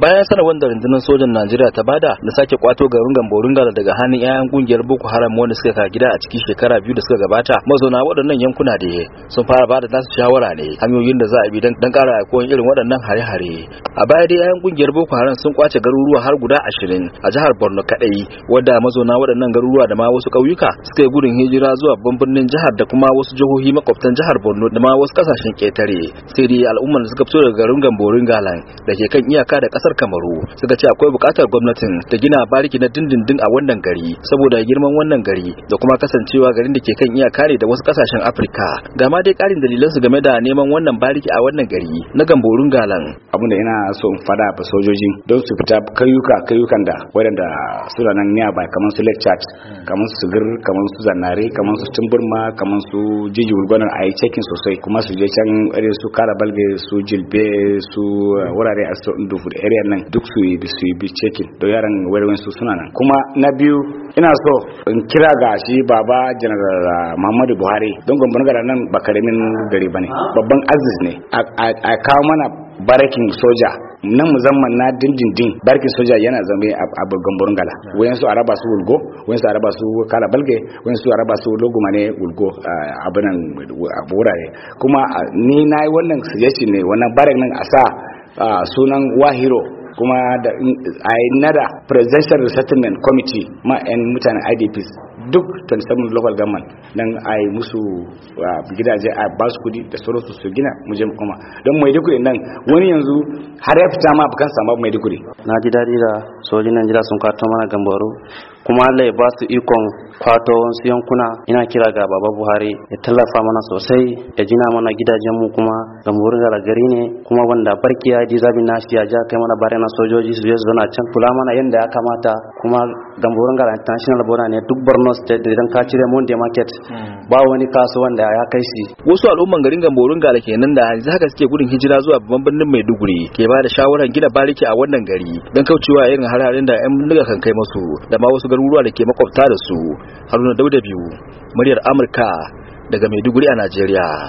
bayan sanarwar da rundunar sojan Najeriya ta bada na sake kwato garin Gamborungal daga hannun 'ya'yan kungiyar Boko Haram wanda suka ka gida a cikin shekara biyu da suka gabata mazauna waɗannan yankuna da sun fara bada nasu shawara ne hanyoyin da za a bi don ƙara koyon irin waɗannan hare-hare a baya dai 'ya'yan kungiyar Boko Haram sun kwace garuruwa har guda ashirin a jihar Borno kaɗai wadda mazauna waɗannan garuruwa da ma wasu ƙauyuka suka yi gudun hijira zuwa babban birnin jihar da kuma wasu jihohi makwabtan jihar Borno da ma wasu ƙasashen ƙetare sai dai al'ummar da suka fito daga garin Gamborungalan da ke kan iyaka da kasar kamaru suka ce akwai bukatar gwamnatin ta gina bariki na dindindin a wannan gari saboda girman wannan gari da kuma kasancewa garin da ke kan iyaka ne da wasu kasashen afirka ga ma dai karin su game da neman wannan bariki a wannan gari na gamborun galan abin da ina so in fada ba sojoji don su fita kayuka kayukan da waɗanda suna nan niya ba kamar su lecture kamar su sigir kamar su zanare kamar su timburma kamar su jiji gurgunar a yi cekin sosai kuma su je can irin su kara balge su jilbe su uh, wurare a su area nan duk su yi su yi checking da yaran wayoyin su suna nan kuma na biyu ina so in kira ga shi baba general ah, Muhammadu Buhari don gwamnati gara nan ba karamin gari bane babban aziz ne a kawo mana barakin soja nan musamman na dindindin barkin soja yana zama a gambarin gala wayan su araba su wulgo wayan su araba su kala balge wayan su araba su loguma ne wulgo ah, abinan wurare kuma ah, ni na yi wannan suggestion ne wannan barak nan a sa sunan wahiro kuma da a nada presidential resettlement committee ma 'yan mutanen idps duk 27 local government don a yi musu gidaje a ba su kudi da sauransu su gina mujem kuma don maiduguri nan wani yanzu har ya fita ma bukan samu maiduguri na ji daɗi da sojin jira sun kwato mana gambaro kuma Allah ya ba su ikon kwato wasu yankuna ina kira ga baba Buhari ya tallafa mana sosai ya jina mana gidajen mu kuma zamburin da gari ne kuma wanda barki ya ji zabi na shi ya ja kai mana bare na sojoji su je su can kula mana yanda ya kamata kuma zamburin gara international border ne duk Borno state idan ka cire Monday market hmm. ba wani kaso wanda ya kai shi wasu al'umman garin gamborin gara kenan da yanzu haka suke gudun hijira zuwa babban birnin Maiduguri ke ba da shawarar gina bariki a wannan gari don kaucewa irin hararen da 'yan bindiga kan kai masu da ma wasu garuruwa da ke makwabta da su haruna dauda biyu muryar amurka daga maiduguri a najeriya